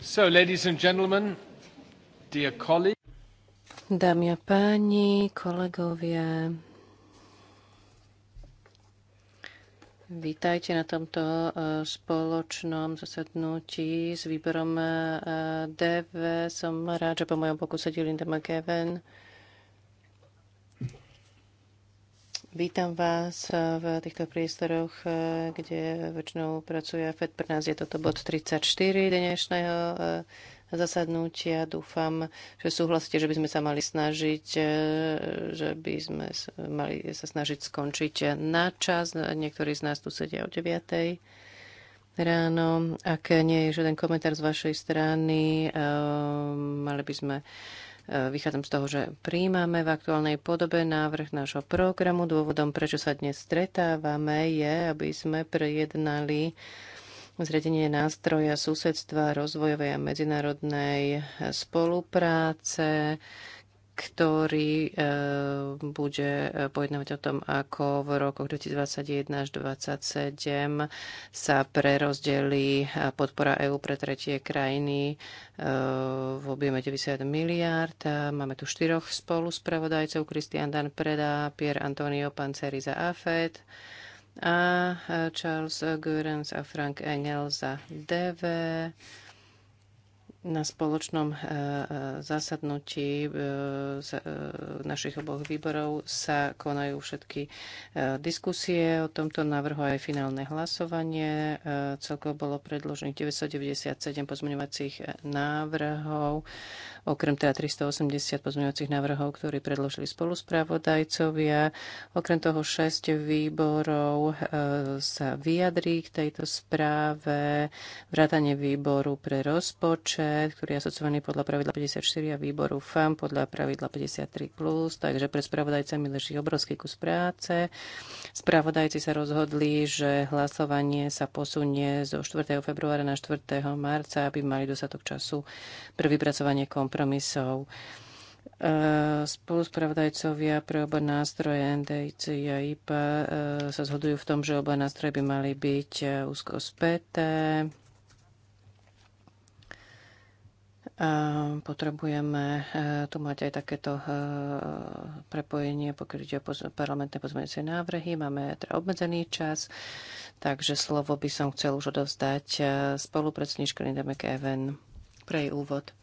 So, ladies and gentlemen, dear colleagues. Dámy a páni, kolegovia, Vítajte na tomto e, spoločnom zasadnutí s výborom e, e, DV. Som rád, že po mojom boku sedí Linda McGavin. Vítam vás eh, v týchto priestoroch, eh, kde väčšinou pracuje FED. Pre nás je toto bod 34 dnešného eh, zasadnutia. Dúfam, že súhlasíte, že by sme sa mali snažiť, že by sme mali sa snažiť skončiť na čas. Niektorí z nás tu sedia o 9. ráno. Ak nie je žiaden komentár z vašej strany, mali by sme E, vychádzam z toho, že príjmame v aktuálnej podobe návrh nášho programu. Dôvodom, prečo sa dnes stretávame, je, aby sme prejednali zredenie nástroja susedstva, rozvojovej a medzinárodnej spolupráce ktorý e, bude e, pojednávať o tom, ako v rokoch 2021 až 2027 sa prerozdelí e, podpora EÚ pre tretie krajiny v objeme 90 miliárd. Máme tu štyroch spolu spravodajcov, Kristian Dan Preda, Pier Antonio Panceri za AFED a Charles Gurens a Frank Engel za DV na spoločnom eh, eh, zasadnutí eh, našich oboch výborov sa konajú všetky diskusie o tomto návrhu aj finálne hlasovanie. Celkovo bolo predložených 997 pozmeňovacích návrhov, okrem teda 380 pozmeňovacích návrhov, ktorí predložili spoluspravodajcovia. Okrem toho 6 výborov sa vyjadrí k tejto správe, vrátanie výboru pre rozpočet, ktorý je asociovaný podľa pravidla 54 a výboru FAM podľa pravidla 53+. Takže pre spravodajcami leží obrovský kus práce. Spravodajci sa rozhodli, že hlasovanie sa posunie zo 4. februára na 4. marca, aby mali dostatok času pre vypracovanie kompromisov e, spoluspravodajcovia pre oba nástroje NDIC a IPA e, sa zhodujú v tom, že oba nástroje by mali byť e, úzko späté. Ehm, potrebujeme eh, tu mať aj takéto eh, prepojenie, pokiaľ ide o parlamentné pozmeňujúce návrhy. Máme teda obmedzený čas, takže slovo by som chcel už odovzdať eh, spolupredsedničke Linda McEwen pre jej úvod.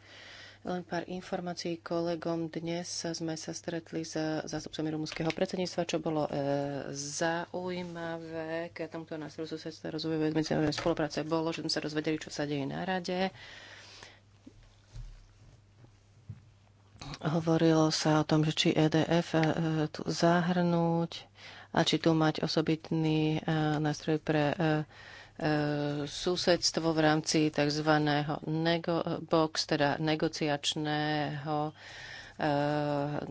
Len pár informácií kolegom. Dnes sme sa stretli s zástupcami rumúnskeho predsedníctva, čo bolo e, zaujímavé. K tomuto nástroju susedstva rozvojovej medzinárodnej spolupráce bolo, že sme sa dozvedeli, čo sa deje na rade. E, Hovorilo sa o tom, že či EDF e, tu zahrnúť a či tu mať osobitný e, nástroj pre e, susedstvo v rámci tzv. Nego box, teda negociačného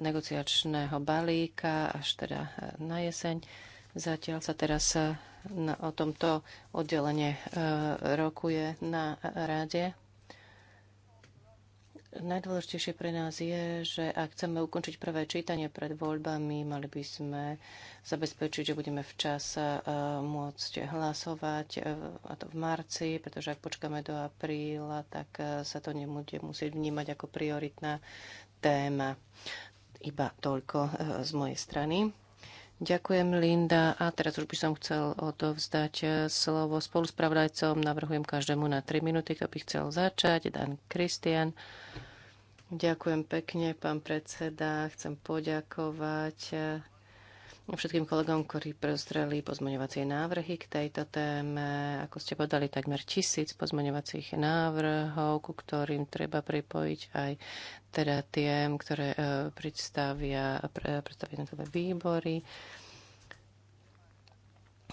negociačného balíka až teda na jeseň. Zatiaľ sa teraz o tomto oddelenie rokuje na rade. Najdôležitejšie pre nás je, že ak chceme ukončiť prvé čítanie pred voľbami, mali by sme zabezpečiť, že budeme včas e, môcť hlasovať, e, a to v marci, pretože ak počkáme do apríla, tak e, sa to nebude musieť vnímať ako prioritná téma. Iba toľko z mojej strany. Ďakujem, Linda. A teraz už by som chcel odovzdať slovo spoluspravdajcom. Navrhujem každému na 3 minúty, kto by chcel začať. Dan Kristian. Ďakujem pekne, pán predseda. Chcem poďakovať eh, všetkým kolegom, ktorí prostreli pozmeňovacie návrhy k tejto téme. Ako ste podali, takmer tisíc pozmeňovacích návrhov, ku ktorým treba pripojiť aj teda tie, ktoré eh, predstavia, predstavia výbory.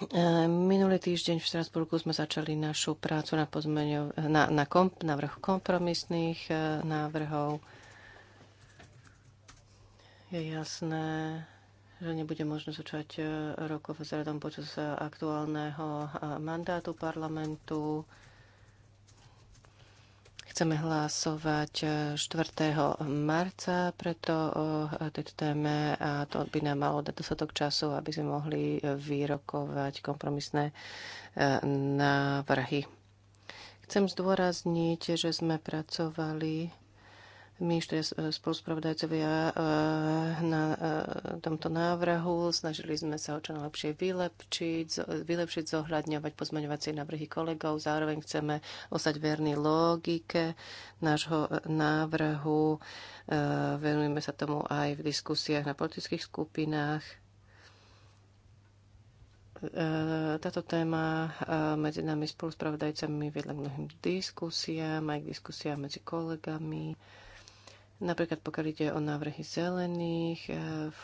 E, minulý týždeň v Strasburgu sme začali našu prácu na, pozmeňov, na, na komp, návrh kompromisných e, návrhov. Je jasné, že nebude možné začať e, rokov s radom počas aktuálneho mandátu parlamentu. Chceme hlasovať 4. E, marca preto o e, tejto téme a to by nám malo dať dostatok času, aby sme mohli vyrokovať kompromisné e, návrhy. Chcem zdôrazniť, že sme pracovali my, štyria spoluspravodajcovia e, na e, tomto návrhu, snažili sme sa o čo najlepšie vylepšiť, vylepšiť, zohľadňovať pozmeňovacie návrhy kolegov. Zároveň chceme ostať verný logike nášho e, návrhu. Venujeme sa tomu aj v diskusiách na politických skupinách táto téma medzi nami spoluspravodajcami vedľa k mnohým diskusiám, aj k diskusiám medzi kolegami. Napríklad pokiaľ ide o návrhy zelených, e,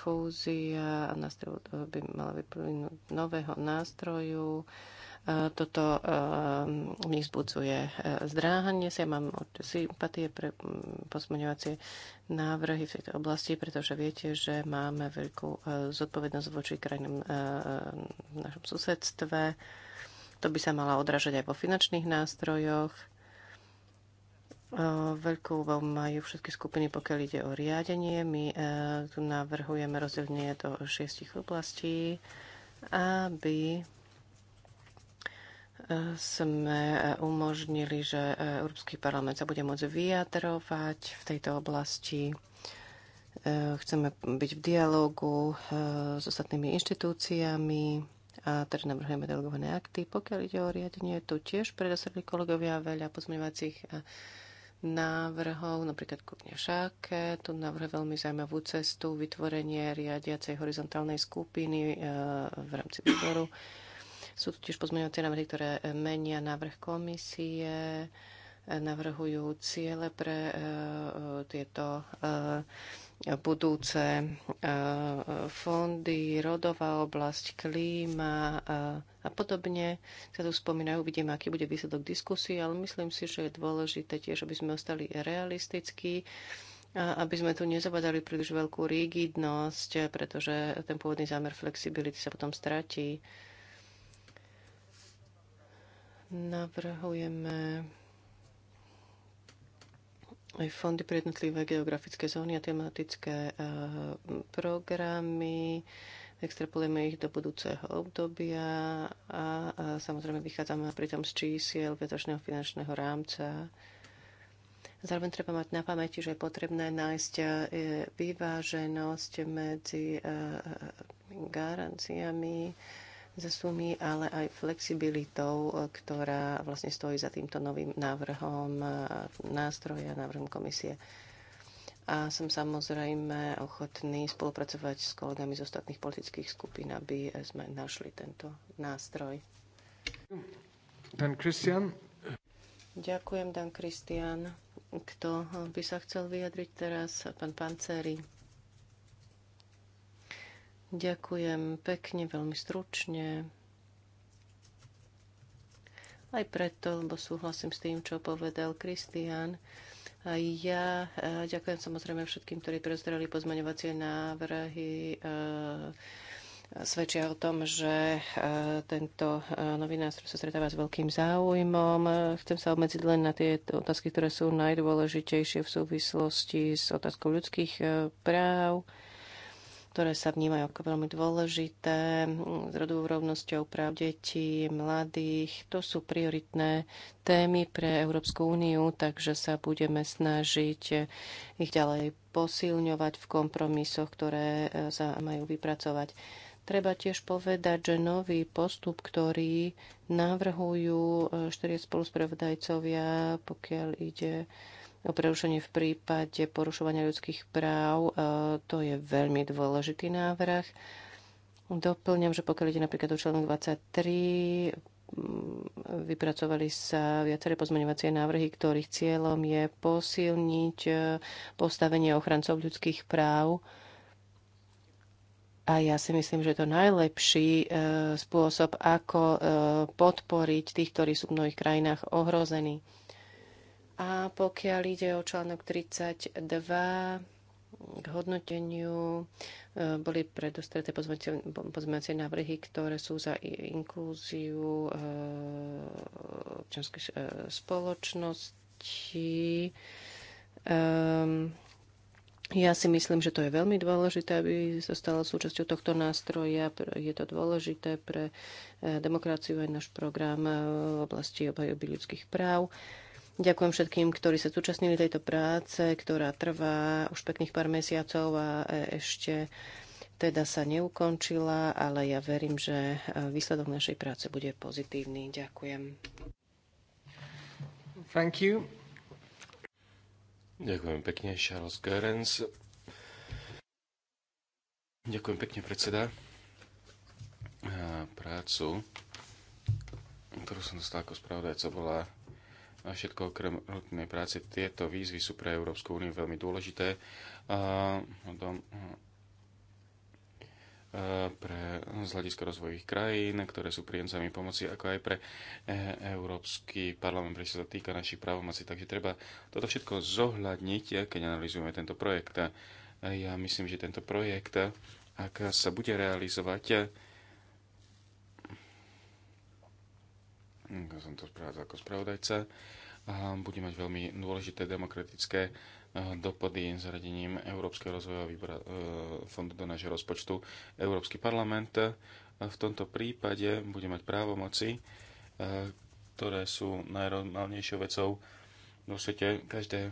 fúzia a nástroj e, by mala vyplynúť nového nástroju. E, Toto v mi zbudzuje zdráhanie. Ja mám sympatie pre pozmeňovacie návrhy v tejto oblasti, pretože viete, že máme veľkú zodpovednosť voči krajinám v našom susedstve. To by sa mala odražať aj vo finančných nástrojoch Veľkú úvahu majú všetky skupiny, pokiaľ ide o riadenie. My e, tu navrhujeme rozdelenie do šiestich oblastí, aby e, sme e, umožnili, že Európsky parlament sa bude môcť vyjadrovať v tejto oblasti. Chceme byť v dialogu s ostatnými inštitúciami a teda navrhujeme delegované akty. Pokiaľ ide o riadenie, tu tiež predosadli kolegovia veľa pozmeňovacích návrhov, napríklad Kupňa Šáke, tu navrhuje veľmi zaujímavú cestu, vytvorenie riadiacej horizontálnej skupiny e, v rámci výboru. Sú tu tiež pozmeňovacie návrhy, ktoré menia návrh komisie, navrhujú ciele pre e, e, tieto budúce fondy, rodová oblasť, klíma, a podobne sa tu spomínajú. Uvidíme, aký bude výsledok diskusie, ale myslím si, že je dôležité tiež, aby sme ostali realistickí a aby sme tu nezabadali príliš veľkú rigidnosť, pretože ten pôvodný zámer flexibility sa potom stratí. Navrhujeme aj fondy pre jednotlivé geografické zóny a tematické eh, programy extrapolujeme ich do budúceho obdobia a, a samozrejme vychádzame pritom z čísiel vietočného finančného rámca. Zároveň treba mať na pamäti, že je potrebné nájsť e, vyváženosť medzi e, garanciami za sumy, ale aj flexibilitou, e, ktorá vlastne stojí za týmto novým návrhom nástroja, návrhom komisie a som samozrejme ochotný spolupracovať s kolegami z ostatných politických skupín, aby sme našli tento nástroj. Dan Christian. Ďakujem, Dan Kristian. Kto by sa chcel vyjadriť teraz? Pán Panceri. Ďakujem pekne, veľmi stručne. Aj preto, lebo súhlasím s tým, čo povedal Kristian. Ja eh, ďakujem samozrejme všetkým, ktorí prezdrali pozmaňovacie návrhy eh, svedčia o tom, že eh, tento nový nástroj sa stretáva s veľkým záujmom. Chcem sa obmedziť len na tie otázky, ktoré sú najdôležitejšie v súvislosti s otázkou ľudských práv ktoré sa vnímajú ako veľmi dôležité, mm, s rodovou rovnosťou práv detí, mladých. To sú prioritné témy pre Európsku úniu, takže sa budeme snažiť ich ďalej posilňovať v kompromisoch, ktoré e, sa majú vypracovať. Treba tiež povedať, že nový postup, ktorý navrhujú e, štyri spoluspravodajcovia, pokiaľ ide o prerušení v prípade porušovania ľudských práv. E, to je veľmi dôležitý návrh. Doplňam, že pokiaľ ide napríklad o článok 23, mm, vypracovali sa viaceré pozmeňovacie návrhy, ktorých cieľom je posilniť e, postavenie ochrancov ľudských práv. A ja si myslím, že je to najlepší e, spôsob, ako podporiť tých, ktorí sú v mnohých krajinách ohrození. A pokiaľ ide o článok 32, k hodnoteniu e, boli predostreté pozmeňovacie návrhy, ktoré sú za inklúziu e, občianskej e, spoločnosti. Ehm, ja si myslím, že to je veľmi dôležité, aby sa stalo súčasťou tohto nástroja. Je to dôležité pre demokraciu aj náš program v oblasti obhajoby ľudských práv. Uh, Ďakujem všetkým, ktorí sa zúčastnili tejto práce, ktorá trvá už pekných pár mesiacov a ešte teda sa neukončila, ale ja verím, že výsledok našej práce bude pozitívny. Ďakujem. Thank you. Ďakujem pekne, Charles Gerens. Ďakujem pekne, predseda. Prácu, ktorú som dostal ako spravodajca, bola a všetko okrem rutnej práce. Tieto výzvy sú pre Európsku úniu veľmi dôležité. A, dom, a, pre z hľadiska rozvojových krajín, ktoré sú príjemcami pomoci, ako aj pre e, Európsky parlament, ktorý sa týka našich právomocí. Takže treba toto všetko zohľadniť, e, keď analizujeme tento projekt. Ja myslím, že tento projekt, ak sa bude realizovať, e, Hm, ja som to spravil ako spravodajca, bude mať veľmi dôležité demokratické e, dopady zaradením Európskeho rozvojového e, fondu do nášho rozpočtu. Európsky parlament e, v tomto prípade bude mať právomoci, ktoré sú najnormálnejšou vecou vo svete. Každé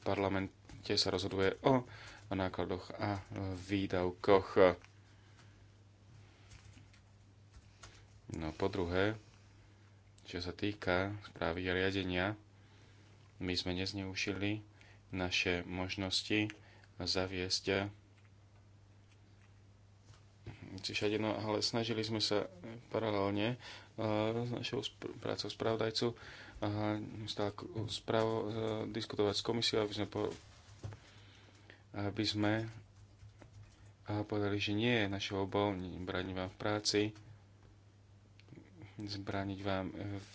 parlamente sa rozhoduje o nákladoch a výdavkoch. No po druhé, čo sa týka správy a riadenia, my sme nezneušili naše možnosti zaviesť všade, no ale snažili sme sa paralelne s našou prácou spravodajcu stále spravo, diskutovať s komisiou, aby sme, po, aby sme povedali, že nie je našou obou brániť vám v práci, zbrániť vám v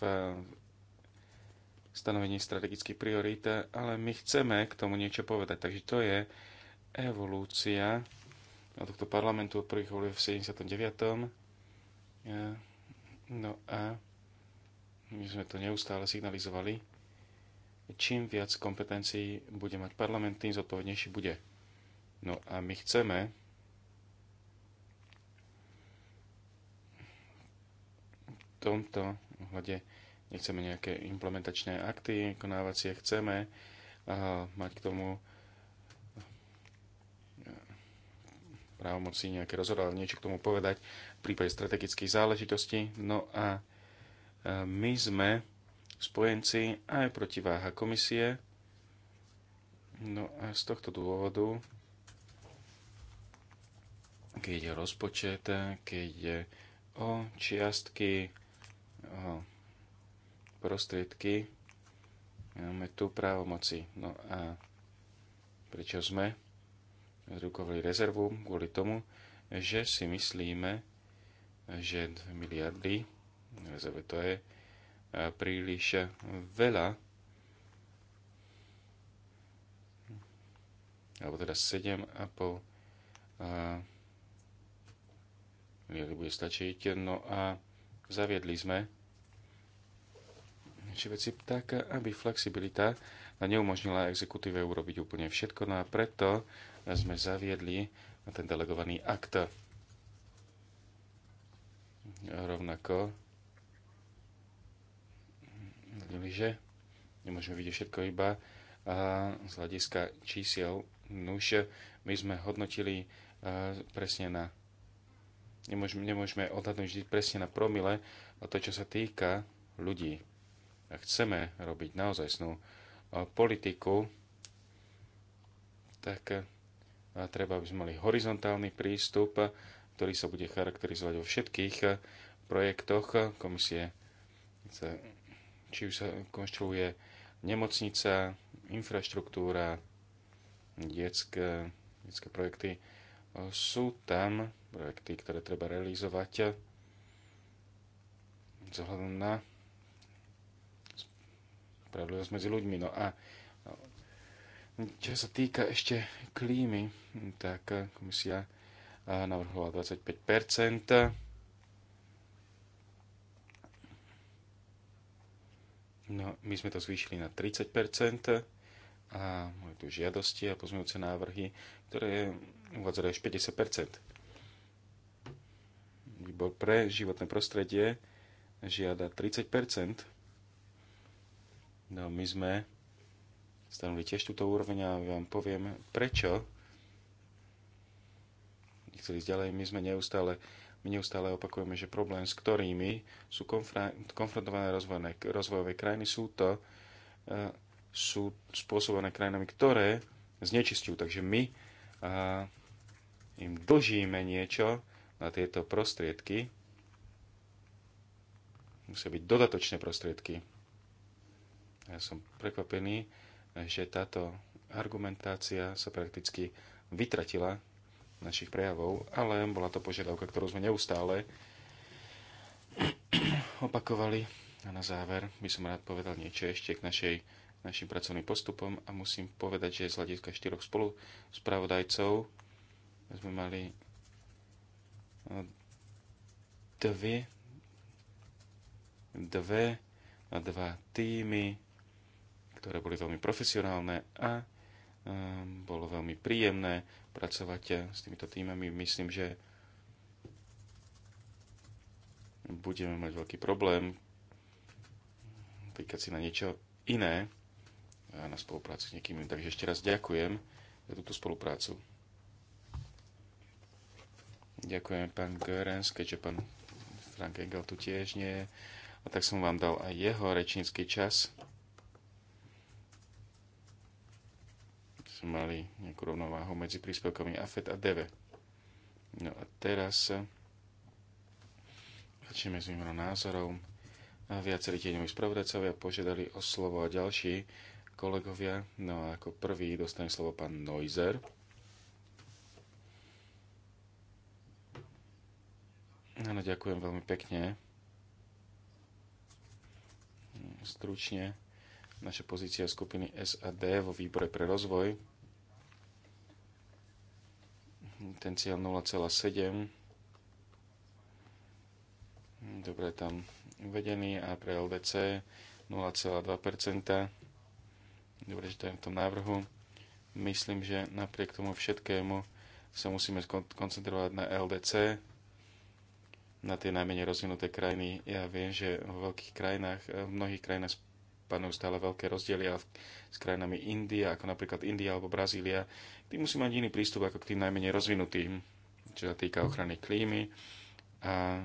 stanovení strategických priorít, ale my chceme k tomu niečo povedať. Takže to je evolúcia tohto parlamentu od prvých volieb v 79. No a my sme to neustále signalizovali. Čím viac kompetencií bude mať parlament, tým zodpovednejší bude. No a my chceme, tomto ohľade nechceme nejaké implementačné akty, konávacie, chceme mať k tomu e, právomoci nejaké rozhodovať, niečo k tomu povedať v prípade strategických záležitostí. No a e, my sme spojenci aj protiváha komisie. No a z tohto dôvodu, keď je rozpočet, keď je o čiastky, prostriedky, máme tu právomoci. No a prečo sme zrukovali rezervu? Kvôli tomu, že si myslíme, že 2 miliardy rezervy to je príliš veľa, alebo teda 7,5 miliardy bude stačiť. No a zaviedli sme či veci tak, aby flexibilita neumožnila exekutíve urobiť úplne všetko. No a preto sme zaviedli na ten delegovaný akt. Rovnako videli, že nemôžeme vidieť všetko iba a z hľadiska čísiel. Nuž, my sme hodnotili presne na nemôžeme, nemôžeme odhadnúť vždy presne na promile a to, čo sa týka ľudí chceme robiť naozaj snú politiku, tak treba, aby sme mali horizontálny prístup, ktorý sa bude charakterizovať vo všetkých projektoch komisie. Či už sa konštruuje nemocnica, infraštruktúra, detské, detské projekty. Sú tam projekty, ktoré treba realizovať vzhľadom na spravodlivosť medzi ľuďmi. No a čo sa týka ešte klímy, tak komisia navrhovala 25 No, my sme to zvýšili na 30 a majú tu žiadosti a pozmeňujúce návrhy, ktoré uvádzajú až 50 Výbor pre životné prostredie žiada 30 No my sme stanovili tiež túto úroveň a vám poviem, prečo nechceli ísť ďalej. My sme neustále, my neustále opakujeme, že problém, s ktorými sú konfrontované rozvojové, rozvojové krajiny, sú to e, sú spôsobené krajinami, ktoré znečistujú. Takže my a, e, im dlžíme niečo na tieto prostriedky. Musia byť dodatočné prostriedky. Ja som prekvapený, že táto argumentácia sa prakticky vytratila našich prejavov, ale bola to požiadavka, ktorú sme neustále opakovali. A na záver by som rád povedal niečo ešte k našej, našim pracovným postupom a musím povedať, že z hľadiska štyroch spolu spravodajcov sme mali no, dve, dve a no, dva týmy ktoré boli veľmi profesionálne a um, bolo veľmi príjemné pracovať eh, s týmito týmami. Myslím, že budeme mať veľký problém vykať si na niečo iné na spoluprácu s niekým. Takže ešte raz ďakujem za túto spoluprácu. Ďakujem pán Görens, keďže pán Frank Engel tu tiež nie je. A tak som vám dal aj jeho rečnícky čas. sme mali nejakú rovnováhu medzi príspevkami AFED a DV. No a teraz eh, začneme s výmenou názorov. A viacerí tieňoví spravodajcovia požiadali o slovo a ďalší kolegovia. No a ako prvý dostane slovo pán Noizer. Áno, ďakujem veľmi pekne. Stručne naša pozícia skupiny SAD vo výbore pre rozvoj. Ten cieľ 0,7. Dobre tam uvedený a pre LDC 0,2%. Dobre, že to je v tom návrhu. Myslím, že napriek tomu všetkému sa musíme koncentrovať na LDC, na tie najmenej rozvinuté krajiny. Ja viem, že v veľkých krajinách, v mnohých krajinách panujú stále veľké rozdiely a s krajinami India, ako napríklad India alebo Brazília, tí musí mať iný prístup ako k tým najmenej rozvinutým, čo sa týka ochrany klímy a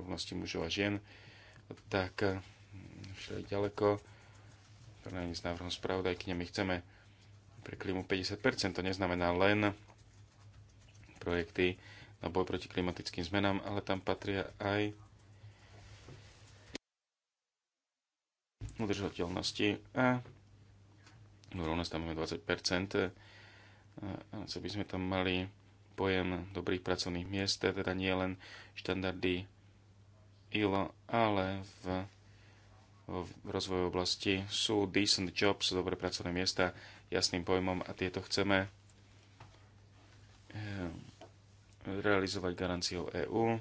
rovnosti mužov a žien, tak mm, šli ďaleko. Porovnaní s návrhom spravodajkyne my chceme pre klímu 50%, to neznamená len projekty na boj proti klimatickým zmenám, ale tam patria aj udržateľnosti a tam máme 20 co by sme tam mali pojem dobrých pracovných miest, teda nie len štandardy ILO, ale v, v rozvoju oblasti sú decent jobs, dobré pracovné miesta, jasným pojmom a tieto chceme eh, realizovať garanciou EÚ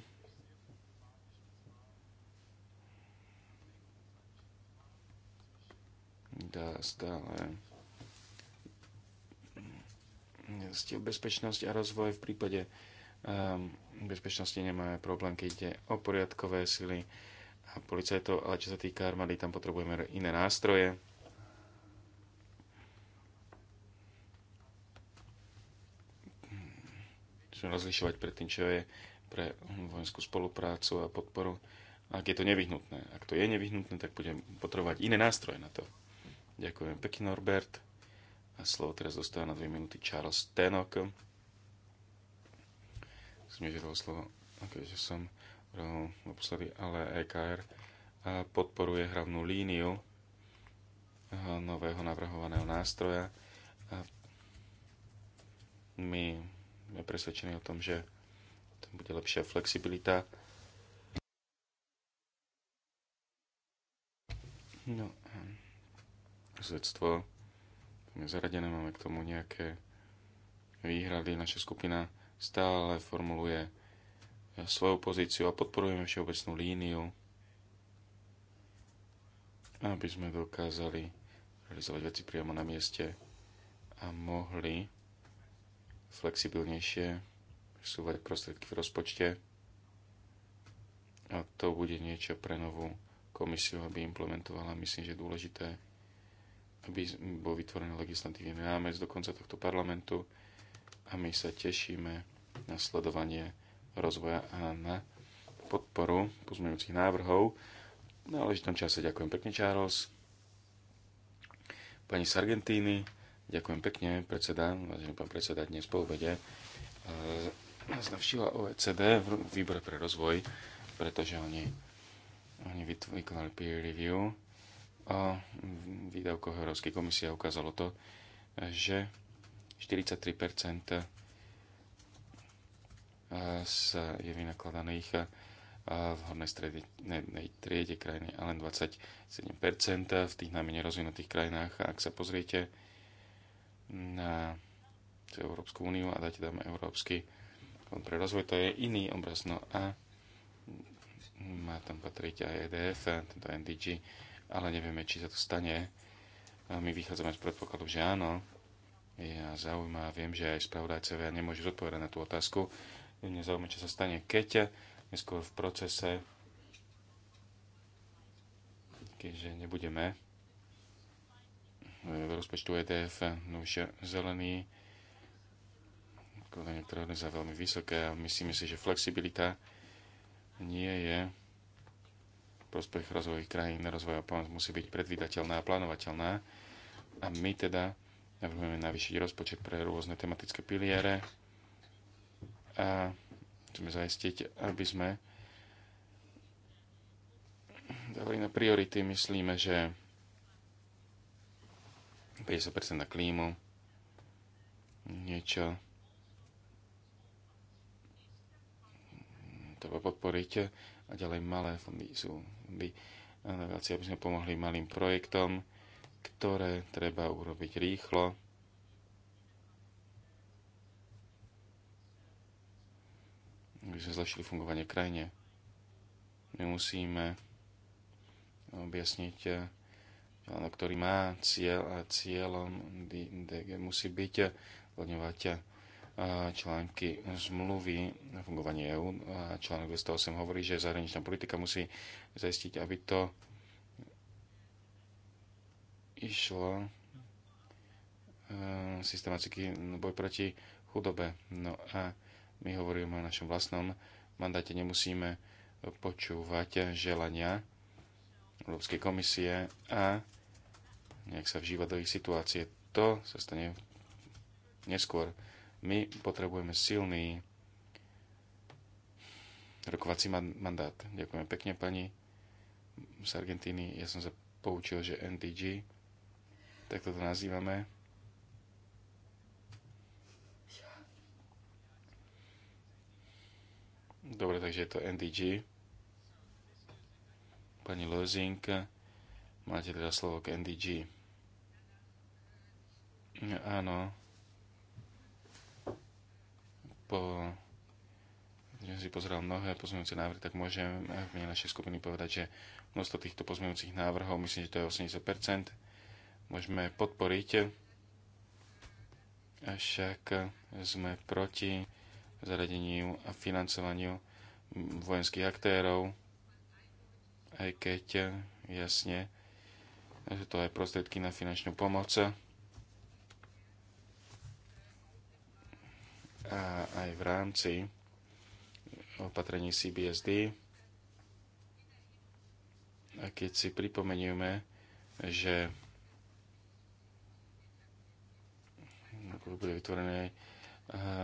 dá stále bezpečnosť a rozvoj v prípade um, bezpečnosti nemáme problém, keď ide o poriadkové sily a policajtov, ale čo sa týka armády, tam potrebujeme iné nástroje. Čo rozlišovať pred tým, čo je pre vojenskú spoluprácu a podporu. Ak je to nevyhnutné, ak to je nevyhnutné, tak budeme potrebovať iné nástroje na to. Ďakujem pekne, Norbert. A slovo teraz dostáva na dve minúty Charles Tenok. Som nežiadal slovo, keďže som naposledy, ale EKR podporuje hlavnú líniu nového navrhovaného nástroja. A My sme presvedčení o tom, že tam bude lepšia flexibilita. No svedstvo. je zaradené, máme k tomu nejaké výhrady. Naša skupina stále formuluje eh, svoju pozíciu a podporujeme všeobecnú líniu, aby sme dokázali realizovať veci priamo na mieste a mohli flexibilnejšie presúvať prostriedky v rozpočte. A to bude niečo pre novú komisiu, aby implementovala. Myslím, že dôležité aby bol vytvorený legislatívny rámec do konca tohto parlamentu a my sa tešíme na sledovanie rozvoja a na podporu pozmeňujúcich návrhov. V náležitom čase ďakujem pekne, Charles. Pani z Argentíny, ďakujem pekne, predseda, vážený pán predseda, dnes po obede e, nás navštívila OECD v výbore pre rozvoj, pretože oni, oni vykonali peer review o výdavkoch Európskej komisie ukázalo to, že 43 eh, z je vynakladaných eh, v hornej strednej triede krajiny a len 27% v tých najmenej rozvinutých krajinách. A ak sa pozriete na Európsku úniu a dáte tam Európsky fond pre rozvoj, to je iný obraz. No a má tam patriť aj EDF, tento NDG, ale nevieme, či sa to stane. A my vychádzame z predpokladu, že áno. Ja zaujímavé, viem, že aj spravodajcovia nemôžu zodpovedať na tú otázku. Mňa zaujíma, čo sa stane, keď neskôr v procese, keďže nebudeme v rozpočtu EDF, no už zelený, ktoré je za veľmi vysoké a myslíme si, že flexibilita nie je prospech rozvojových krajín rozvojová pomoc musí byť predvídateľná a plánovateľná. A my teda navrhujeme navýšiť rozpočet pre rôzne tematické piliere a chceme zaistiť, aby sme dávali na priority. Myslíme, že 50% na klímu, niečo treba podporiť a ďalej malé fondy sú aby eh, aby sme pomohli malým projektom, ktoré treba urobiť rýchlo. Aby sme zlepšili fungovanie krajine. My musíme objasniť, eh, ktorý má cieľ a cieľom DG musí byť zhodňovať eh, články zmluvy na fungovanie EÚ. Článok 208 hovorí, že zahraničná politika musí zaistiť, aby to išlo e, systematicky no, boj proti chudobe. No a my hovoríme o našom vlastnom mandáte, nemusíme počúvať želania Európskej komisie a nejak sa vžívať do ich situácie. To sa stane neskôr. My potrebujeme silný rokovací mandát. Ďakujem pekne pani z Argentíny. Ja som sa poučil, že NDG, tak toto nazývame. Dobre, takže je to NDG. Pani Lozink, máte teda slovo k NDG. Áno po, že si pozrel mnohé pozmeňujúce návrhy, tak môžem v mene našej skupiny povedať, že množstvo týchto pozmeňujúcich návrhov, myslím, že to je 80%, môžeme podporiť, avšak sme proti zaradeniu a financovaniu vojenských aktérov, aj keď jasne, že to aj prostriedky na finančnú pomoc a aj v rámci opatrení CBSD. A keď si pripomenieme, že bude vytvorené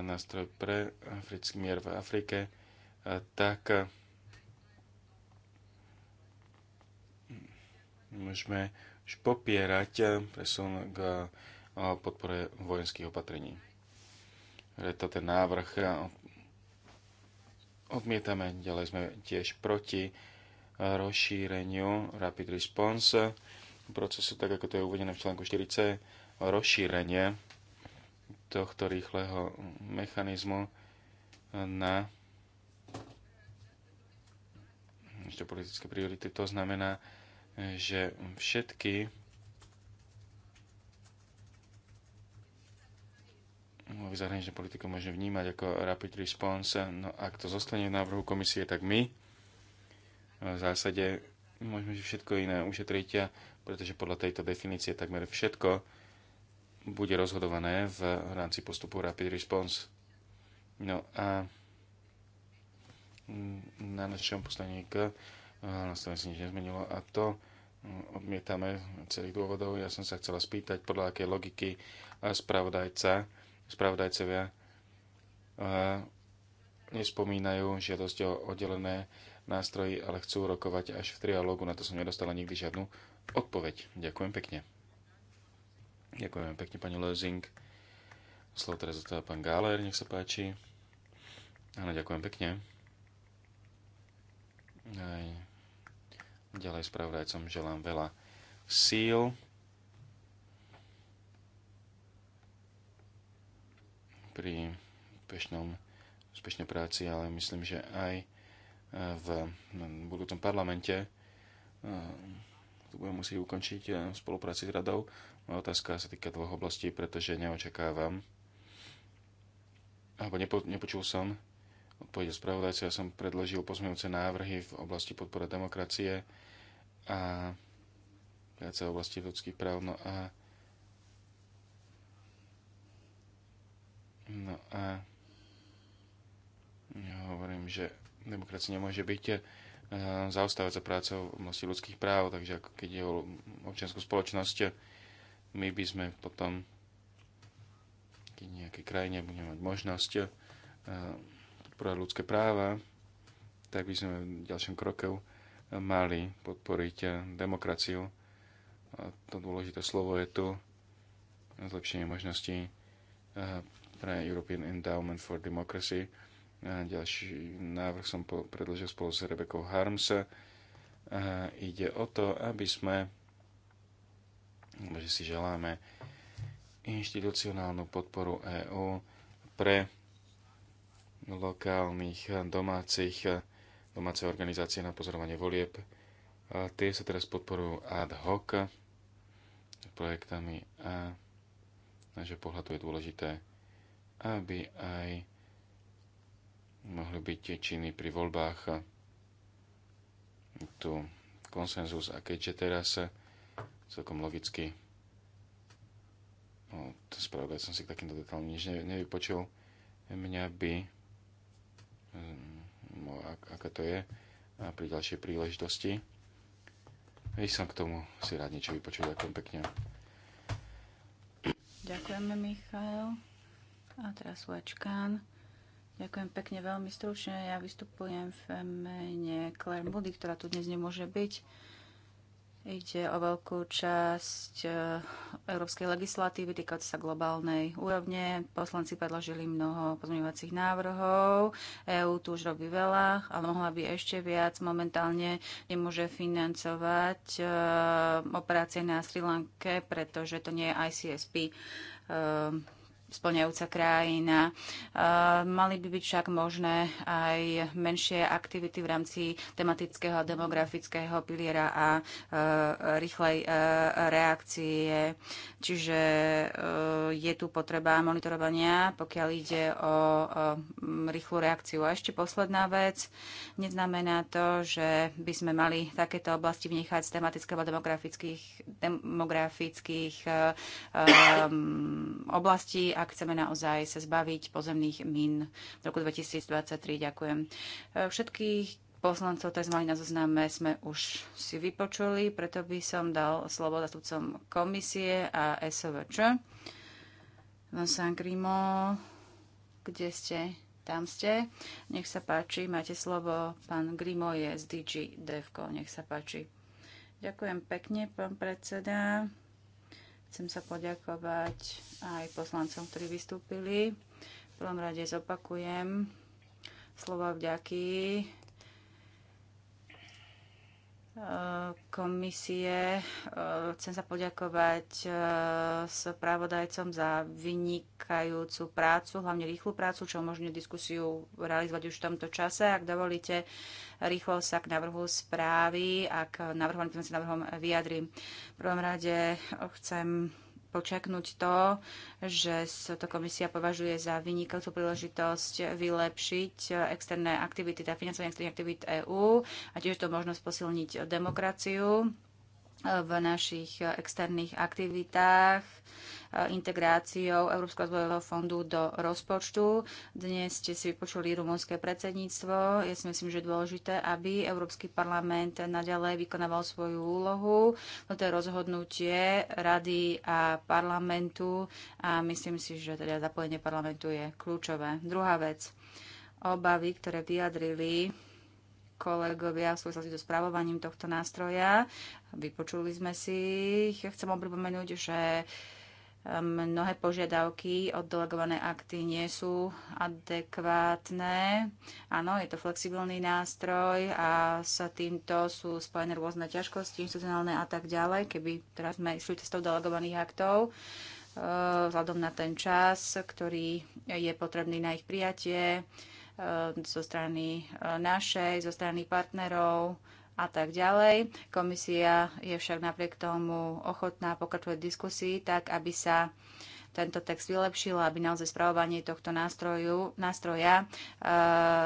nástroj pre africký mier v Afrike, tak môžeme už popierať presun k podpore vojenských opatrení. To ten návrh eh, odmietame. Ďalej sme tiež proti eh, rozšíreniu Rapid Response procesu, tak ako to je uvedené v článku 4c, rozšírenie tohto rýchleho mechanizmu eh, na ešte politické priority. To znamená, že všetky zahraničnej politiku môžeme vnímať ako rapid response. No ak to zostane v návrhu komisie, tak my v zásade môžeme si všetko iné ušetriť, pretože podľa tejto definície takmer všetko bude rozhodované v rámci postupu rapid response. No a na našom poslaní k eh, nastavení sa nič nezmenilo a to hm, odmietame celých dôvodov. Ja som sa chcela spýtať, podľa akej logiky eh, spravodajca spravodajcovia nespomínajú žiadosť o oddelené nástroji, ale chcú rokovať až v trialógu. Na to som nedostala nikdy žiadnu odpoveď. Ďakujem pekne. Ďakujem pekne, pani Lozing. Slovo teraz zostáva pán Gáler, nech sa páči. Áno, ďakujem pekne. Aj ďalej spravodajcom želám veľa síl. pri úspešnom, úspešnej práci, ale myslím, že aj e, no, v budúcom parlamente e, tu budem musieť ukončiť e, v spolupráci s radou. Moja otázka sa týka dvoch oblastí, pretože neočakávam, alebo nepo, nepočul som odpovede spravodajca, ja som predložil pozmeňujúce návrhy v oblasti podpora demokracie a v oblasti ľudských práv, no a No a ja hovorím, že demokracia nemôže byť eh, zaostávať za prácou v oblasti ľudských práv, takže ako keď je o občianskú spoločnosť, eh, my by sme potom, keď nejaké krajine bude mať možnosť eh, podporovať ľudské práva, tak by sme v ďalšom kroku mali podporiť demokraciu. A to dôležité slovo je tu zlepšenie možností pre European Endowment for Democracy. A ďalší návrh som predložil spolu s Rebekou Harms. A ide o to, aby sme, že si želáme inštitucionálnu podporu EÚ pre lokálnych domácich, domáce organizácie na pozorovanie volieb. A tie sa teraz podporujú ad hoc projektami a naše pohľad pohľadu je dôležité aby aj mohli byť činy pri voľbách tu konsenzus a keďže teraz celkom logicky no, to spravodaj som si k takýmto detailom nič nevypočul mňa by mm, no, ak, aká to je a pri ďalšej príležitosti Hej, som k tomu si rád niečo vypočul. Ďakujem pekne. Ďakujeme, Michal. A teraz Lečkán. Ďakujem pekne, veľmi stručne. Ja vystupujem v mene Claire Moody, ktorá tu dnes nemôže byť. Ide o veľkú časť e, európskej legislatívy týkajúce sa globálnej úrovne. Poslanci predložili mnoho pozmeňovacích návrhov. EÚ tu už robí veľa, ale mohla by ešte viac. Momentálne nemôže financovať e, operácie na Sri Lanke, pretože to nie je ICSP e, splňajúca krajina. E, mali by byť však možné aj menšie aktivity v rámci tematického a demografického piliera a e, rýchlej e, reakcie. Čiže je tu potreba monitorovania, pokiaľ ide o rýchlu reakciu. A ešte posledná vec. Neznamená to, že by sme mali takéto oblasti vnechať z tematického a demografických, demografických um, oblastí ak chceme naozaj sa zbaviť pozemných mín v roku 2023. Ďakujem. E, všetkých poslancov tzv. na zozname sme už si vypočuli, preto by som dal slovo zastupcom komisie a SOVČ. Vincent kde ste? Tam ste. Nech sa páči, máte slovo. Pán Grimo je z DG Devko. Nech sa páči. Ďakujem pekne, pán predseda. Chcem sa poďakovať aj poslancom, ktorí vystúpili. V prvom rade zopakujem slova vďaky komisie. Eh, chcem sa poďakovať eh, právodajcom za vynikajúcu prácu, hlavne rýchlu prácu, čo umožňuje diskusiu realizovať už v tomto čase. Ak dovolíte, rýchlo sa k návrhu správy a k navrhovaným sa návrhom vyjadrím. V prvom rade chcem počaknúť to, že sa to komisia považuje za vynikajúcu príležitosť vylepšiť externé aktivity, teda financovanie externých aktivít EÚ a tiež to možnosť posilniť demokraciu v našich externých aktivitách eh, integráciou Európskeho rozvojového fondu do rozpočtu. Dnes ste si vypočuli rumunské predsedníctvo. Ja si myslím, že je dôležité, aby Európsky parlament naďalej vykonával svoju úlohu. Toto je rozhodnutie rady a parlamentu a myslím si, že teda zapojenie parlamentu je kľúčové. Druhá vec. Obavy, ktoré vyjadrili kolegovia v súvislosti so spravovaním tohto nástroja. Vypočuli sme si ich. Chcem pripomenúť, že eh, mnohé požiadavky od delegované akty nie sú adekvátne. Áno, je to flexibilný nástroj a sa týmto sú spojené rôzne ťažkosti, institucionálne a tak ďalej, keby teraz sme išli cestou delegovaných aktov eh, vzhľadom na ten čas, ktorý je potrebný na ich prijatie Eh, zo strany eh, našej, zo strany partnerov a tak ďalej. Komisia je však napriek tomu ochotná pokračovať diskusii tak, aby sa tento text vylepšil, aby naozaj spravovanie tohto nástroju, nástroja e,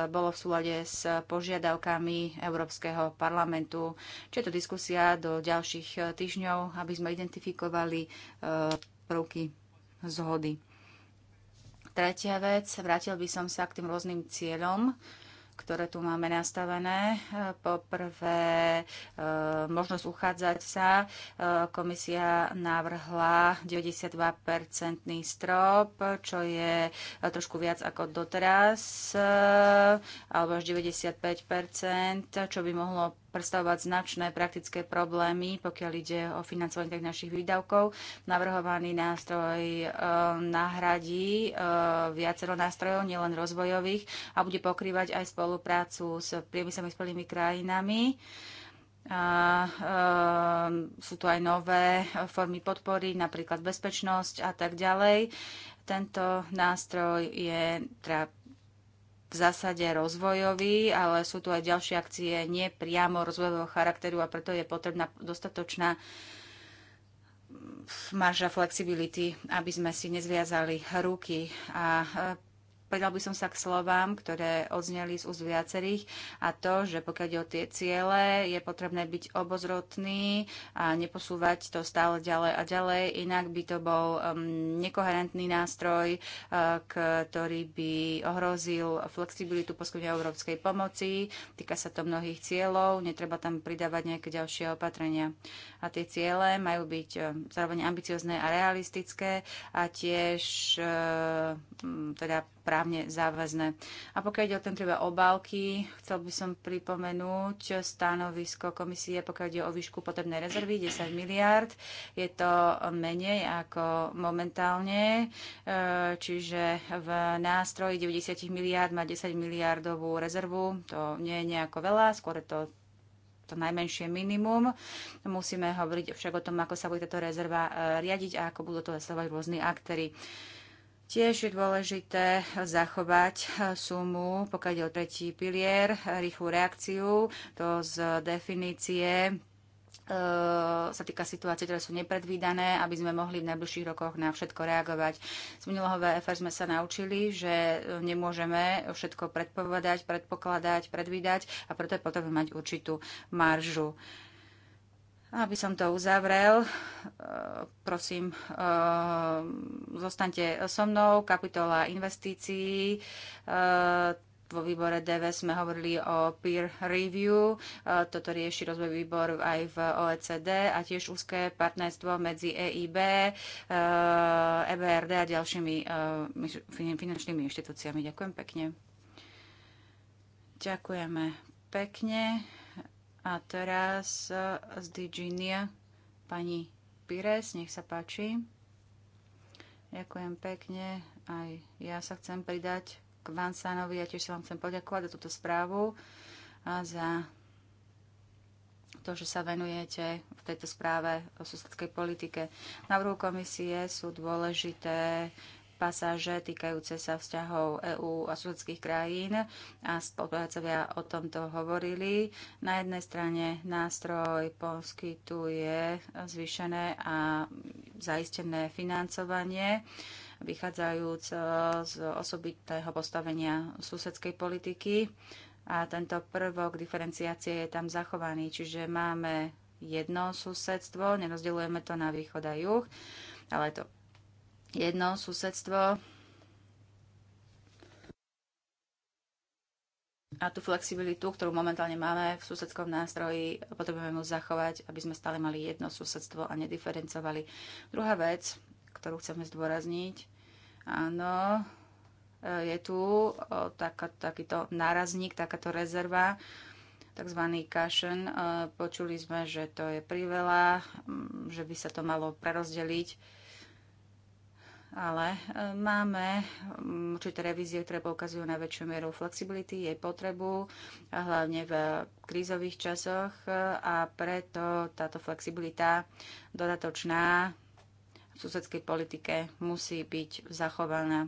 bolo v súlade s požiadavkami Európskeho parlamentu. Či je to diskusia do ďalších týždňov, aby sme identifikovali e, prvky zhody. Tretia vec, vrátil by som sa k tým rôznym cieľom, ktoré tu máme nastavené. Poprvé, e, možnosť uchádzať sa. E, komisia navrhla 92-percentný strop, čo je e, trošku viac ako doteraz, alebo až 95%, čo by mohlo predstavovať značné praktické problémy, pokiaľ ide o financovanie tak našich výdavkov. Navrhovaný nástroj e, nahradí e, viacero nástrojov, nielen rozvojových, a bude pokrývať aj spoluprácu s priemyselnými spolými krajinami. A, e, sú tu aj nové formy podpory, napríklad bezpečnosť a tak ďalej. Tento nástroj je teda v zásade rozvojový, ale sú tu aj ďalšie akcie nepriamo rozvojového charakteru a preto je potrebná dostatočná mm, marža flexibility, aby sme si nezviazali ruky. A e, pridal by som sa k slovám, ktoré odzneli z úst viacerých a to, že pokiaľ ide o tie ciele, je potrebné byť obozrotný a neposúvať to stále ďalej a ďalej, inak by to bol um, nekoherentný nástroj, uh, ktorý by ohrozil flexibilitu poskytnutia európskej pomoci. Týka sa to mnohých cieľov, netreba tam pridávať nejaké ďalšie opatrenia. A tie ciele majú byť uh, zároveň ambiciozne a realistické a tiež uh, teda právne záväzné. A pokiaľ ide o ten treba obálky, chcel by som pripomenúť stanovisko komisie, pokiaľ ide o výšku potrebnej rezervy 10 miliard. Je to menej ako momentálne, e, čiže v nástroji 90 miliard má 10 miliardovú rezervu. To nie je nejako veľa, skôr je to to najmenšie minimum. Musíme hovoriť však o tom, ako sa bude táto rezerva e, riadiť a ako budú to sledovať rôzni aktéry. Tiež je dôležité zachovať eh, sumu, pokiaľ ide o tretí pilier, rýchlu reakciu. To z definície eh, sa týka situácie, ktoré sú nepredvídané, aby sme mohli v najbližších rokoch na všetko reagovať. Z minulého VFR sme sa naučili, že eh, nemôžeme všetko predpovedať, predpokladať, predvídať a preto je potrebné mať určitú maržu. Uh, aby som to uzavrel, e, prosím, e, zostaňte so mnou. Kapitola investícií e, vo výbore DV sme hovorili o peer review. Toto rieši rozvoj výbor aj v OECD a tiež úzké partnerstvo medzi EIB, EBRD a ďalšími finančnými inštitúciami. Ďakujem pekne. Ďakujeme pekne. A teraz e, z Diginia pani Pires, nech sa páči. Ďakujem pekne. Aj ja sa chcem pridať k Vansanovi. Ja tiež sa vám chcem poďakovať za túto správu a za to, že sa venujete v tejto správe o susedskej politike. Návrhu komisie sú dôležité pasáže týkajúce sa vzťahov EÚ a susedských krajín a spolupracovia o tomto hovorili. Na jednej strane nástroj poskytuje zvýšené a zaistené financovanie vychádzajúc z osobitého postavenia susedskej politiky. A tento prvok diferenciácie je tam zachovaný, čiže máme jedno susedstvo, nerozdeľujeme to na východ a juh, ale to jedno susedstvo. A tú flexibilitu, ktorú momentálne máme v susedskom nástroji, potrebujeme mu zachovať, aby sme stále mali jedno susedstvo a nediferencovali. Druhá vec, ktorú chceme zdôrazniť, áno, e, je tu taká, takýto nárazník, takáto rezerva, tzv. cushion. E, počuli sme, že to je priveľa, že by sa to malo prerozdeliť ale e, máme mm, určité revízie, ktoré poukazujú na väčšiu mieru flexibility, jej potrebu, a hlavne v krízových časoch e, a preto táto flexibilita dodatočná v susedskej politike musí byť zachovaná.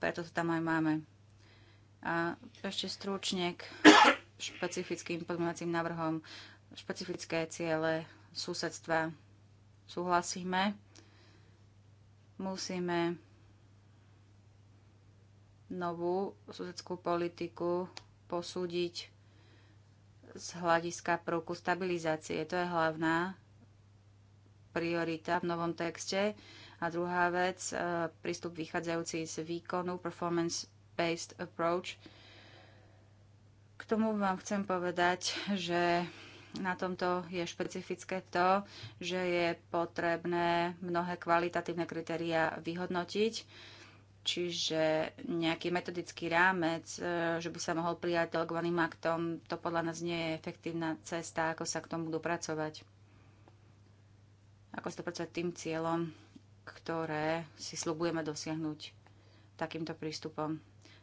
Preto to tam aj máme. A ešte stručne k špecifickým pozmeňovacím návrhom špecifické ciele susedstva. Súhlasíme. Musíme novú susedskú politiku posúdiť z hľadiska prvku stabilizácie. To je hlavná priorita v novom texte. A druhá vec, e, prístup vychádzajúci z výkonu, performance-based approach, k tomu vám chcem povedať, že na tomto je špecifické to, že je potrebné mnohé kvalitatívne kritériá vyhodnotiť, čiže nejaký metodický rámec, e, že by sa mohol prijať delegovaným aktom, to podľa nás nie je efektívna cesta, ako sa k tomu dopracovať. Ako sa dopracovať tým cieľom, ktoré si slubujeme dosiahnuť takýmto prístupom.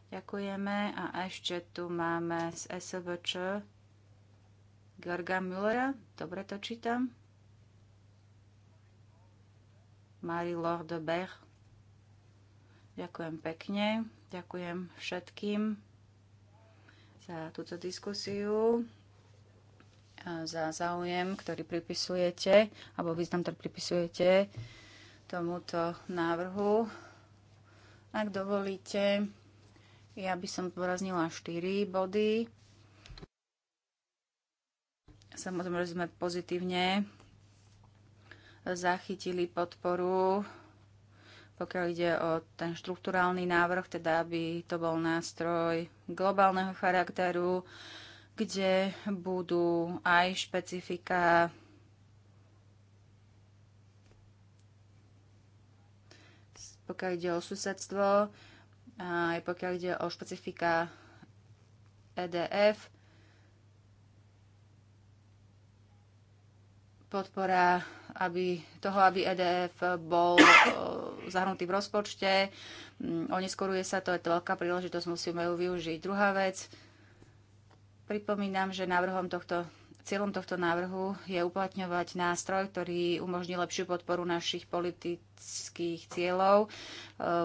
Ďakujeme. A ešte tu máme z SVČ Georga Müllera. Dobre to čítam. Marie-Laure de Berg. Ďakujem pekne. Ďakujem všetkým za túto diskusiu, za záujem, ktorý pripisujete, alebo význam, ktorý pripisujete tomuto návrhu. Ak dovolíte, ja by som zdôraznila 4 body. Samozrejme, že sme pozitívne zachytili podporu, pokiaľ ide o ten štruktúrálny návrh, teda aby to bol nástroj globálneho charakteru, kde budú aj špecifika pokiaľ ide o susedstvo, aj pokiaľ ide o špecifika EDF, podpora aby, toho, aby EDF bol zahrnutý v rozpočte. Mm, oneskoruje sa to, je to veľká príležitosť, musíme ju využiť. Druhá vec, pripomínam, že návrhom tohto Cieľom tohto návrhu je uplatňovať nástroj, ktorý umožní lepšiu podporu našich politických cieľov e,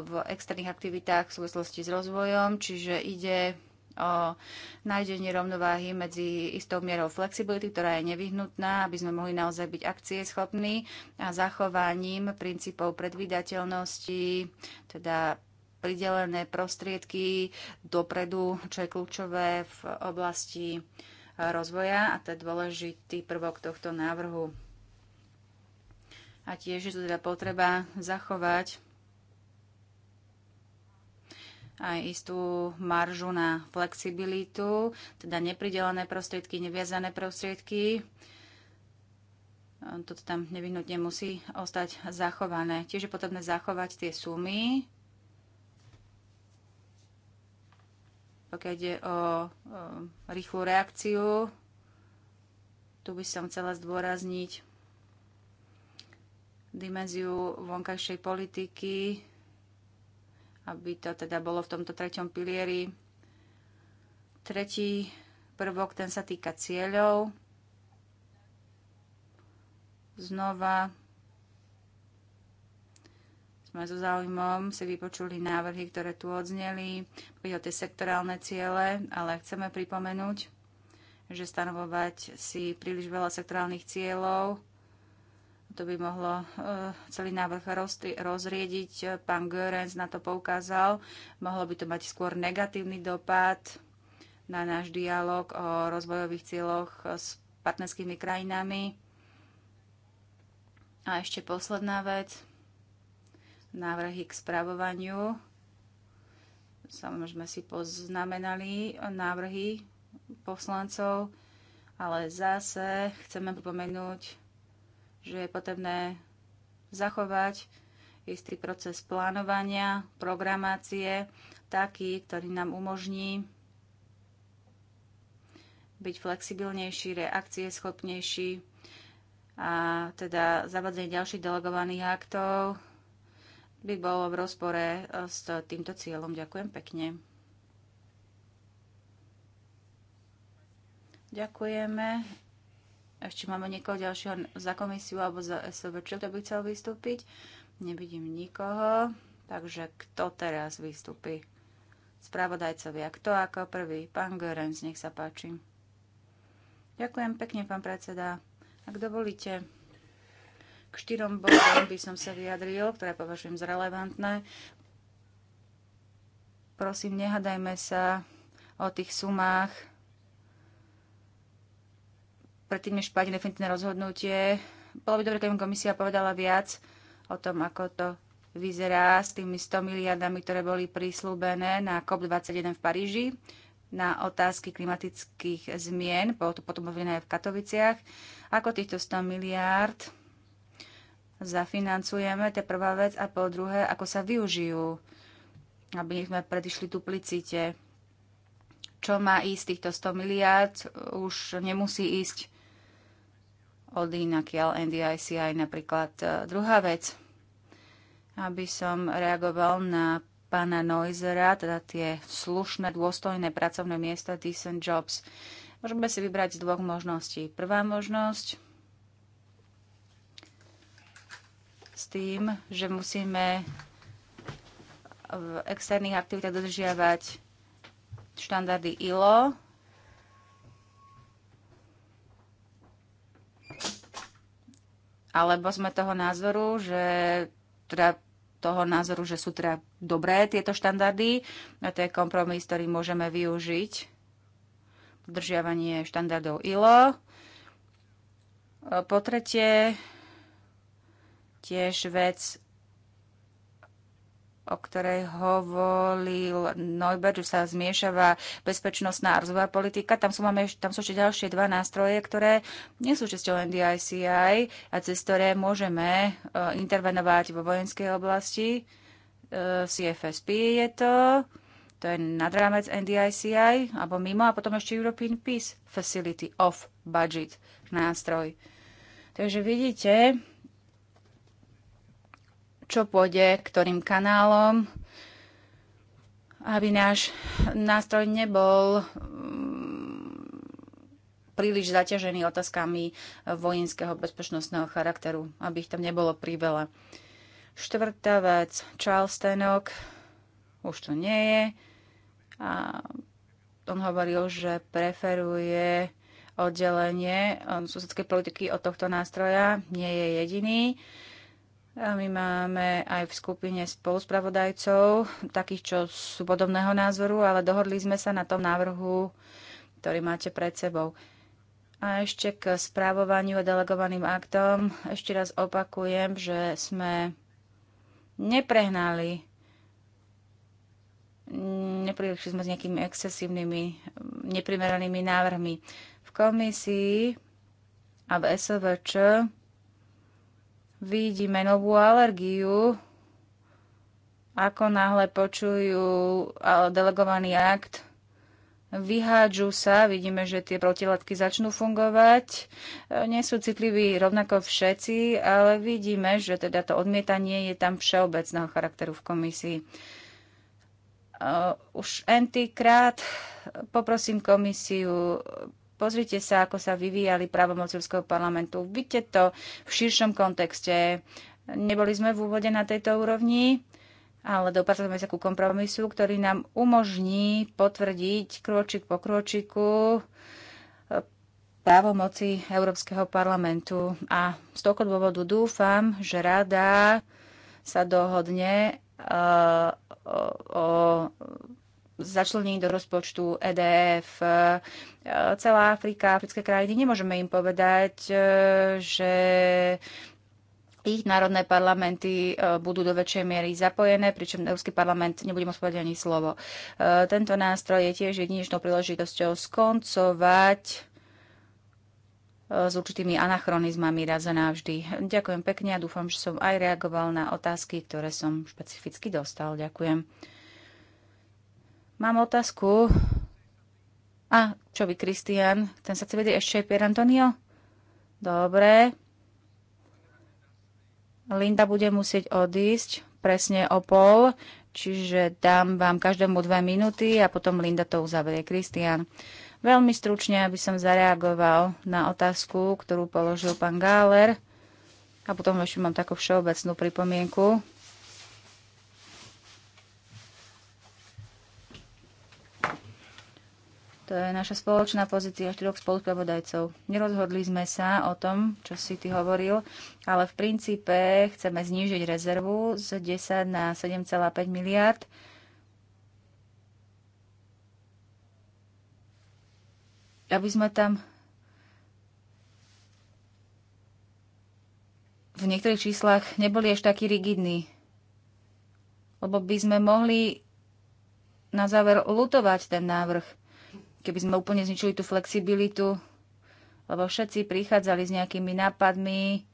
v externých aktivitách v súvislosti s rozvojom, čiže ide o nájdenie rovnováhy medzi istou mierou flexibility, ktorá je nevyhnutná, aby sme mohli naozaj byť akcieschopní a zachovaním princípov predvydateľnosti, teda pridelené prostriedky dopredu, čo je kľúčové v oblasti rozvoja a to je dôležitý prvok tohto návrhu. A tiež je tu teda potreba zachovať aj istú maržu na flexibilitu, teda nepridelené prostriedky, neviazané prostriedky. Toto tam nevyhnutne musí ostať zachované. Tiež je potrebné zachovať tie sumy, Pokiaľ ide o, rýchlu reakciu, tu by som chcela zdôrazniť dimenziu vonkajšej politiky, aby to teda bolo v tomto treťom pilieri. Tretí prvok, ten sa týka cieľov. Znova sme so záujmom si vypočuli návrhy, ktoré tu odzneli, o tie sektorálne ciele, ale chceme pripomenúť, že stanovovať si príliš veľa sektorálnych cieľov, to by mohlo e, celý návrh rozriediť. Pán Görens na to poukázal. Mohlo by to mať skôr negatívny dopad na náš dialog o rozvojových cieľoch s partnerskými krajinami. A ešte posledná vec návrhy k spravovaniu. Samozrejme si poznamenali návrhy poslancov, ale zase chceme pripomenúť, že je potrebné zachovať istý proces plánovania, programácie, taký, ktorý nám umožní byť flexibilnejší, reakcie schopnejší a teda zavadzenie ďalších delegovaných aktov by bolo v rozpore eh, s týmto cieľom. Ďakujem pekne. Ďakujeme. Ešte máme niekoho ďalšieho za komisiu alebo za SVČ, kto by chcel vystúpiť. Nevidím nikoho. Takže kto teraz vystúpi? Spravodajcovia. Kto ako prvý? Pán Görens, nech sa páči. Ďakujem pekne, pán predseda. Ak dovolíte, k štyrom bodom by som sa vyjadril, ktoré považujem za relevantné. Prosím, nehadajme sa o tých sumách. Predtým, než padne definitívne rozhodnutie, bolo by dobre, keby komisia povedala viac o tom, ako to vyzerá s tými 100 miliardami, ktoré boli prislúbené na COP21 v Paríži na otázky klimatických zmien, bolo to potom uvedené aj v Katoviciach, ako týchto 100 miliárd zafinancujeme, to je prvá vec, a po druhé, ako sa využijú, aby sme predišli duplicite. Čo má ísť týchto 100 miliárd, už nemusí ísť od inakiaľ NDICI napríklad. Druhá vec, aby som reagoval na pána Noizera, teda tie slušné, dôstojné pracovné miesta, decent jobs. Môžeme si vybrať z dvoch možností. Prvá možnosť, s tým, že musíme v externých aktivitách dodržiavať štandardy ILO. Alebo sme toho názoru, že teda toho názoru, že sú teda dobré tieto štandardy. A to je kompromis, ktorý môžeme využiť. Dodržiavanie štandardov ILO. Po tretie, tiež vec, o ktorej hovoril Neuber, že sa zmiešava bezpečnostná a rozvojová politika. Tam sú, máme, tam sú ešte ďalšie dva nástroje, ktoré nie sú časťou NDICI a cez ktoré môžeme eh, intervenovať vo vojenskej oblasti. Eh, CFSP je to, to je nadrámec NDICI, alebo mimo, a potom ešte European Peace Facility of Budget nástroj. Takže vidíte, čo pôjde ktorým kanálom, aby náš nástroj nebol mm, príliš zaťažený otázkami vojenského bezpečnostného charakteru, aby ich tam nebolo priveľa. Štvrtá vec, Charles Tenok, už to nie je. A on hovoril, že preferuje oddelenie um, susedskej politiky od tohto nástroja. Nie je jediný. A my máme aj v skupine spoluspravodajcov, takých, čo sú podobného názoru, ale dohodli sme sa na tom návrhu, ktorý máte pred sebou. A ešte k správovaniu a delegovaným aktom. Ešte raz opakujem, že sme neprehnali, Neprilišli sme s nejakými excesívnymi, neprimeranými návrhmi. V komisii a v SVČ vidíme novú alergiu, ako náhle počujú delegovaný akt, vyhádžu sa, vidíme, že tie protilátky začnú fungovať. E, nie sú citliví rovnako všetci, ale vidíme, že teda to odmietanie je tam všeobecného charakteru v komisii. E, už entýkrát poprosím komisiu, Pozrite sa, ako sa vyvíjali právomoc Európskeho parlamentu. Vidíte to v širšom kontexte. Neboli sme v úvode na tejto úrovni, ale sme sa ku kompromisu, ktorý nám umožní potvrdiť krôčik po krôčiku eh, právomoci Európskeho parlamentu. A z toho dôvodu dúfam, že rada sa dohodne eh, o, o začlenení do rozpočtu EDF. E, celá Afrika, africké krajiny, nemôžeme im povedať, e, že ich národné parlamenty e, budú do väčšej miery zapojené, pričom Európsky parlament nebude môcť povedať ani slovo. Tento nástroj je tiež jedinečnou príležitosťou skoncovať s určitými anachronizmami raz a navždy. Ďakujem pekne a dúfam, že som aj reagoval na otázky, ktoré som špecificky dostal. Ďakujem. Mám otázku. A, čo vy, Kristian? Ten sa chce vedieť ešte Pier Antonio? Dobre. Linda bude musieť odísť presne o pol, čiže dám vám každému dve minúty a potom Linda to uzavrie. Kristian, veľmi stručne, aby som zareagoval na otázku, ktorú položil pán Gáler a potom ešte mám takú všeobecnú pripomienku. To je naša spoločná pozícia štyroch spolupravodajcov. Nerozhodli sme sa o tom, čo si ty hovoril, ale v princípe chceme znížiť rezervu z 10 na 7,5 miliard. Aby sme tam v niektorých číslach neboli až takí rigidní. Lebo by sme mohli na záver lutovať ten návrh keby sme úplne zničili tú flexibilitu, lebo všetci prichádzali s nejakými nápadmi,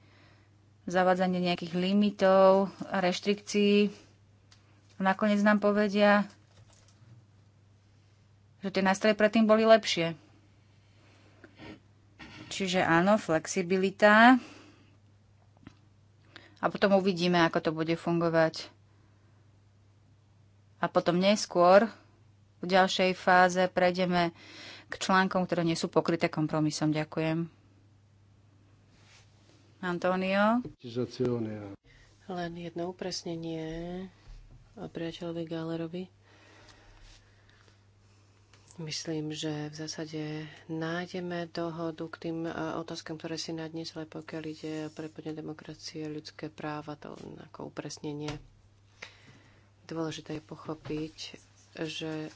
zavádzanie nejakých limitov a reštrikcií. A nakoniec nám povedia, že tie nástroje predtým boli lepšie. Čiže áno, flexibilita. A potom uvidíme, ako to bude fungovať. A potom neskôr v ďalšej fáze prejdeme k článkom, ktoré nie sú pokryté kompromisom. Ďakujem. Antonio? Len jedno upresnenie o priateľovi Gálerovi. Myslím, že v zásade nájdeme dohodu k tým e, otázkam, ktoré si ale pokiaľ ide o prepodne demokracie, ľudské práva, to ako upresnenie. Dôležité je pochopiť, že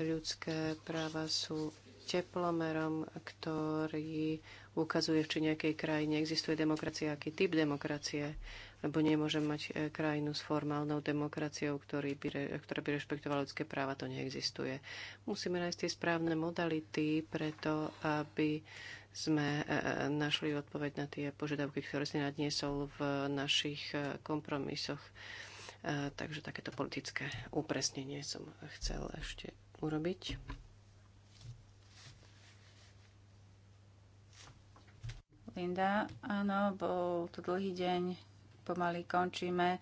ľudské práva sú teplomerom, ktorý ukazuje, či nejakej krajine existuje demokracia, aký typ demokracie, lebo nemôžem mať e, krajinu s formálnou demokraciou, ktorý by, ktorá by rešpektovala ľudské práva, to neexistuje. Musíme nájsť tie správne modality preto, aby sme e, e, našli odpoveď na tie požiadavky, ktoré si nadniesol v našich kompromisoch. Takže takéto politické upresnenie som chcel ešte urobiť. Linda, áno, bol tu dlhý deň, pomaly končíme.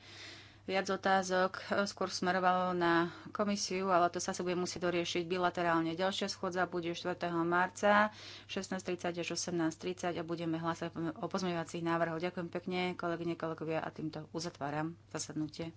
Viac otázok e, skôr smerovalo na komisiu, ale to sa sa bude musieť doriešiť bilaterálne. Ďalšia schôdza bude 4. marca 16.30 až 18.30 a budeme hlasovať o pozmeňovacích návrhoch. Ďakujem pekne, kolegyne, kolegovia, a týmto uzatváram zasadnutie.